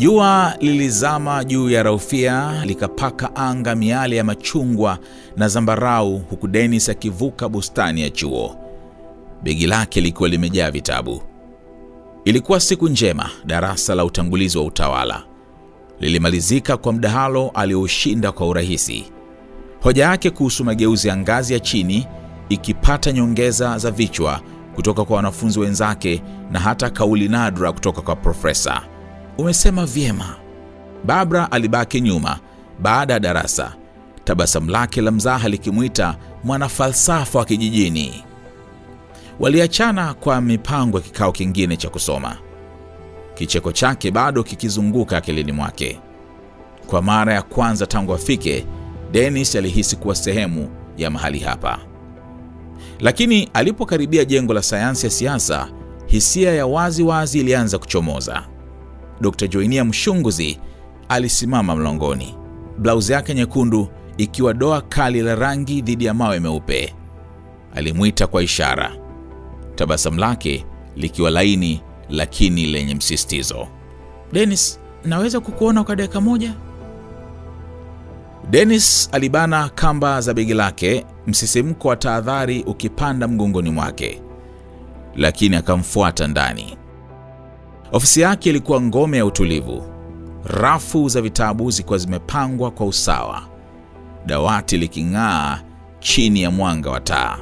Jua lilizama juu ya Raufia likapaka anga miale ya machungwa na zambarau, huku Dennis akivuka bustani ya chuo. Begi lake likiwa limejaa vitabu. Ilikuwa siku njema. Darasa la utangulizi wa utawala lilimalizika kwa mdahalo aliyoushinda kwa urahisi, hoja yake kuhusu mageuzi ya ngazi ya chini ikipata nyongeza za vichwa kutoka kwa wanafunzi wenzake na hata kauli nadra kutoka kwa profesa umesema vyema. Barbara alibaki nyuma baada ya darasa, tabasamu lake la mzaha likimwita mwanafalsafa wa kijijini. Waliachana kwa mipango ya kikao kingine cha kusoma, kicheko chake bado kikizunguka akilini mwake. Kwa mara ya kwanza tangu afike, Dennis alihisi kuwa sehemu ya mahali hapa, lakini alipokaribia jengo la sayansi ya siasa, hisia ya wazi wazi ilianza kuchomoza. Dr. Joinia Mshunguzi alisimama mlongoni blauzi yake nyekundu ikiwa doa kali la rangi dhidi ya mawe meupe. Alimwita kwa ishara, tabasamu lake likiwa laini lakini lenye msisitizo. Dennis, naweza kukuona kwa dakika moja? Dennis alibana kamba za begi lake, msisimko wa tahadhari ukipanda mgongoni mwake, lakini akamfuata ndani. Ofisi yake ilikuwa ngome ya utulivu. Rafu za vitabu zilikuwa zimepangwa kwa usawa, dawati liking'aa chini ya mwanga wa taa.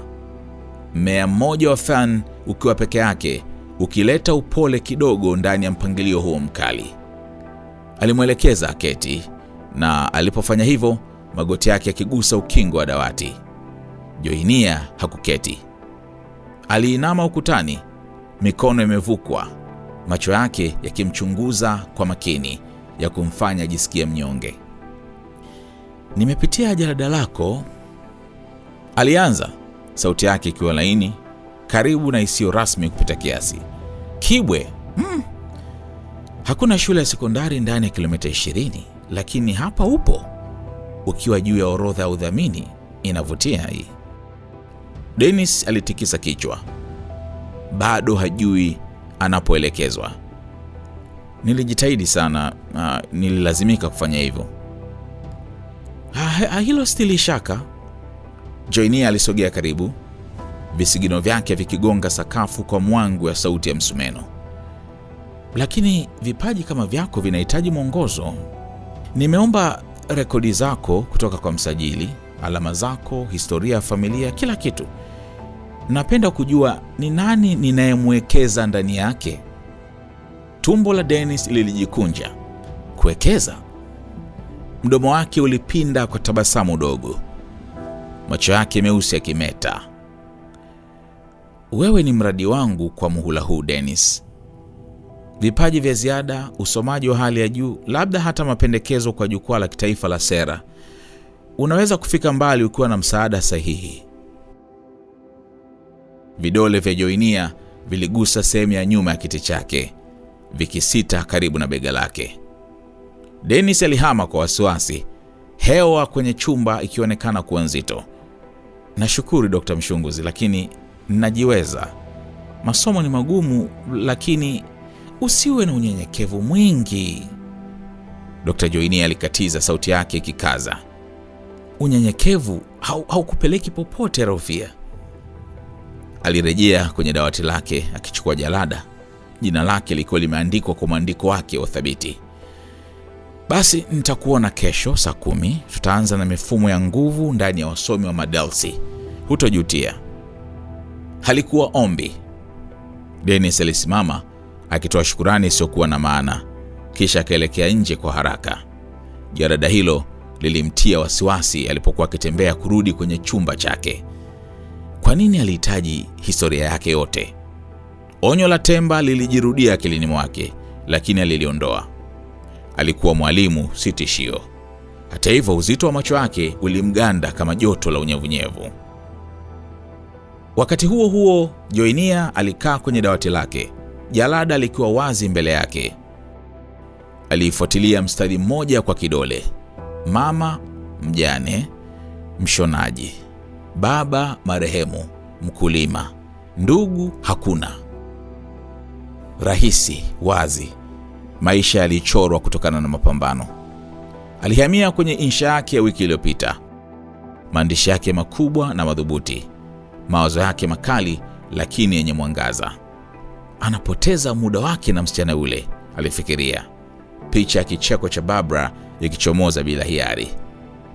Mmea mmoja wa fan ukiwa peke yake ukileta upole kidogo ndani ya mpangilio huo mkali. Alimwelekeza aketi, na alipofanya hivyo, magoti yake yakigusa ukingo wa dawati. Joinia hakuketi. Aliinama ukutani, mikono imevukwa macho yake yakimchunguza kwa makini ya kumfanya ajisikie mnyonge. Nimepitia jalada lako, alianza, sauti yake ikiwa laini, karibu na isiyo rasmi kupita kiasi. Kibwe, hmm. Hakuna shule ya sekondari ndani ya kilomita 20, lakini hapa upo ukiwa juu ya orodha ya udhamini. Inavutia hii. Dennis alitikisa kichwa, bado hajui anapoelekezwa. Nilijitahidi sana, uh, nililazimika kufanya hivyo. hilo stili shaka. Joinia alisogea karibu, visigino vyake vikigonga sakafu kwa mwangu ya sauti ya msumeno. Lakini vipaji kama vyako vinahitaji mwongozo. Nimeomba rekodi zako kutoka kwa msajili, alama zako, historia ya familia, kila kitu napenda kujua ni nani ninayemwekeza ndani yake. Tumbo la Dennis lilijikunja. Kuwekeza? Mdomo wake ulipinda kwa tabasamu dogo, macho yake meusi yakimeta. Wewe ni mradi wangu kwa muhula huu Dennis. Vipaji vya ziada, usomaji wa hali ya juu, labda hata mapendekezo kwa jukwaa la kitaifa la sera. Unaweza kufika mbali ukiwa na msaada sahihi. Vidole vya Joinia viligusa sehemu ya nyuma ya kiti chake, vikisita karibu na bega lake. Dennis alihama kwa wasiwasi, hewa kwenye chumba ikionekana kuwa nzito. Nashukuru Dokta Mshunguzi, lakini najiweza. Masomo ni magumu, lakini usiwe na unyenyekevu mwingi. Dr. Joinia alikatiza, sauti yake ikikaza. Unyenyekevu haukupeleki hau popote, rofia Alirejea kwenye dawati lake akichukua jalada. Jina lake likiwa limeandikwa kwa mwandiko wake wa thabiti. Basi nitakuona kesho saa kumi. Tutaanza na mifumo ya nguvu ndani ya wasomi wa Madelsi, hutojutia. Halikuwa ombi. denis alisimama akitoa shukurani isiyokuwa na maana, kisha akaelekea nje kwa haraka. Jarada hilo lilimtia wasiwasi alipokuwa akitembea kurudi kwenye chumba chake. Kwa nini alihitaji historia yake yote? Onyo la temba lilijirudia akilini mwake, lakini aliliondoa. Alikuwa mwalimu, si tishio. Hata hivyo, uzito wa macho yake ulimganda kama joto la unyevunyevu. Wakati huo huo, Joinia alikaa kwenye dawati lake, jalada likiwa wazi mbele yake. Aliifuatilia mstari mmoja kwa kidole: mama, mjane, mshonaji baba marehemu, mkulima, ndugu hakuna. Rahisi, wazi, maisha yalichorwa kutokana na mapambano. Alihamia kwenye insha yake ya wiki iliyopita, maandishi yake makubwa na madhubuti, mawazo yake makali lakini yenye mwangaza. Anapoteza muda wake na msichana yule, alifikiria, picha ya kicheko cha Barbara ikichomoza bila hiari.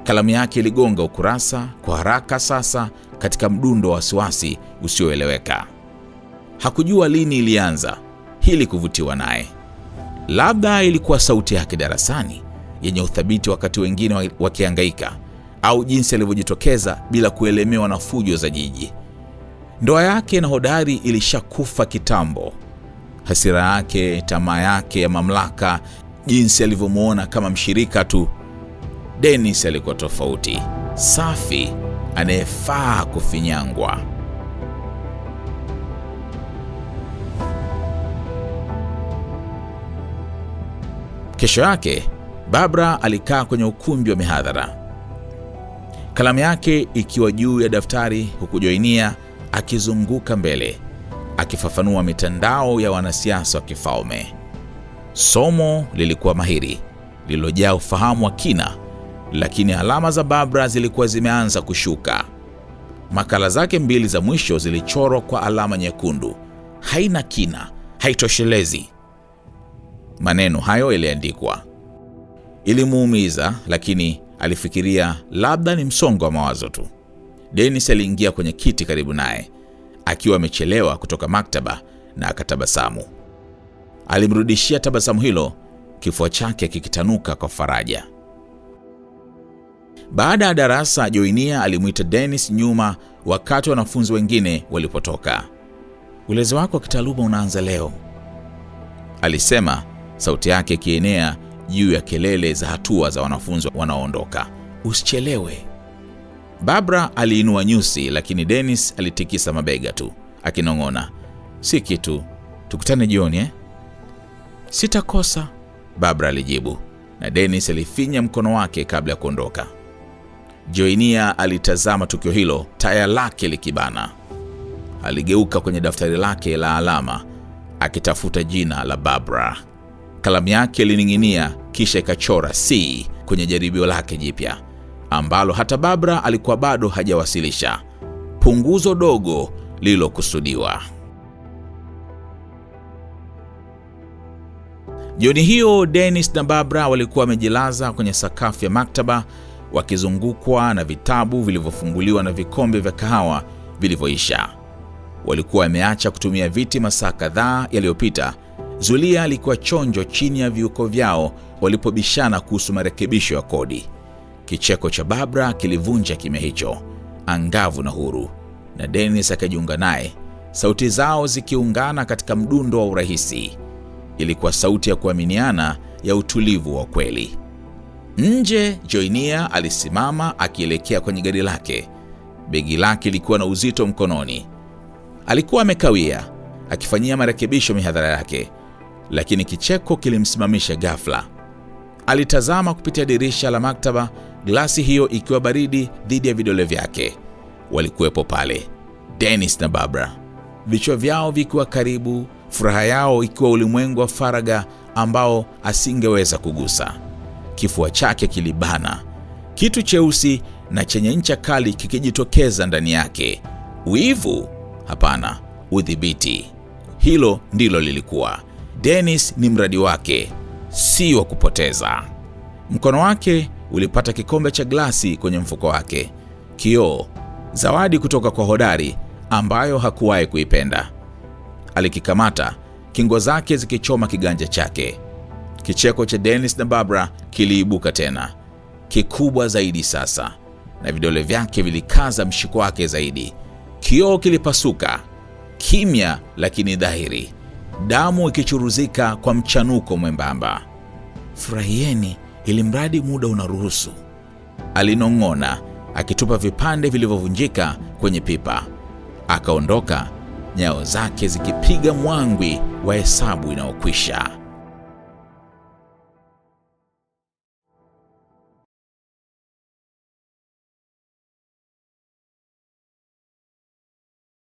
Kalamu yake iligonga ukurasa kwa haraka, sasa katika mdundo wa wasiwasi usioeleweka. Hakujua lini ilianza hili kuvutiwa naye, labda ilikuwa sauti yake darasani yenye uthabiti wakati wengine wakihangaika, au jinsi alivyojitokeza bila kuelemewa na fujo za jiji. Ndoa yake na Hodari ilishakufa kitambo. Hasira yake, tamaa yake ya mamlaka, jinsi alivyomwona kama mshirika tu Dennis alikuwa tofauti, safi, anayefaa kufinyangwa. Kesho yake Barbara alikaa kwenye ukumbi wa mihadhara, kalamu yake ikiwa juu ya daftari, huku Joinia akizunguka mbele akifafanua mitandao ya wanasiasa wa kifalme. Somo lilikuwa mahiri, lililojaa ufahamu wa kina lakini alama za Barbara zilikuwa zimeanza kushuka. Makala zake mbili za mwisho zilichorwa kwa alama nyekundu: haina kina, haitoshelezi. Maneno hayo yaliandikwa. Ilimuumiza, lakini alifikiria labda ni msongo wa mawazo tu. Dennis aliingia kwenye kiti karibu naye akiwa amechelewa kutoka maktaba na akatabasamu. Alimrudishia tabasamu hilo, kifua chake kikitanuka kwa faraja. Baada ya darasa, Joinia alimwita Dennis nyuma wakati wanafunzi wengine walipotoka. ulezo wako wa kitaaluma unaanza leo, alisema, sauti yake ikienea juu ya kelele za hatua za wanafunzi wanaoondoka. Usichelewe. Barbara aliinua nyusi, lakini Dennis alitikisa mabega tu akinong'ona, si kitu, tukutane jioni eh? Sitakosa, Barbara alijibu, na Dennis alifinya mkono wake kabla ya kuondoka. Joinia alitazama tukio hilo, taya lake likibana. Aligeuka kwenye daftari lake la alama akitafuta jina la Barbara. Kalamu yake ilining'inia, kisha ikachora C kwenye jaribio lake jipya ambalo hata Barbara alikuwa bado hajawasilisha, punguzo dogo lililokusudiwa. Jioni hiyo Dennis na Barbara walikuwa wamejilaza kwenye sakafu ya maktaba wakizungukwa na vitabu vilivyofunguliwa na vikombe vya kahawa vilivyoisha. Walikuwa wameacha kutumia viti masaa kadhaa yaliyopita. Zulia alikuwa chonjo chini ya viuko vyao walipobishana kuhusu marekebisho ya kodi. Kicheko cha Barbara kilivunja kimya hicho, angavu na huru, na Dennis akajiunga naye, sauti zao zikiungana katika mdundo wa urahisi. Ilikuwa sauti ya kuaminiana ya utulivu wa kweli. Nje Joinia alisimama akielekea kwenye gari lake. Begi lake likuwa na uzito mkononi. Alikuwa amekawia akifanyia marekebisho mihadhara yake, lakini kicheko kilimsimamisha ghafla. Alitazama kupitia dirisha la maktaba, glasi hiyo ikiwa baridi dhidi ya vidole vyake. Walikuwepo pale Dennis na Barbara, vichwa vyao vikiwa karibu, furaha yao ikiwa ulimwengu wa faraga ambao asingeweza kugusa kifua chake kilibana, kitu cheusi na chenye ncha kali kikijitokeza ndani yake. Wivu? Hapana, udhibiti. Hilo ndilo lilikuwa. Dennis ni mradi wake, si wa kupoteza. Mkono wake ulipata kikombe cha glasi kwenye mfuko wake, kioo, zawadi kutoka kwa hodari ambayo hakuwahi kuipenda. Alikikamata, kingo zake zikichoma kiganja chake. Kicheko cha Dennis na Barbara kiliibuka tena, kikubwa zaidi sasa, na vidole vyake vilikaza mshiko wake zaidi. Kioo kilipasuka, kimya lakini dhahiri, damu ikichuruzika kwa mchanuko mwembamba. Furahieni ili mradi muda unaruhusu, alinong'ona akitupa vipande vilivyovunjika kwenye pipa. Akaondoka, nyayo zake zikipiga mwangwi wa hesabu inayokwisha.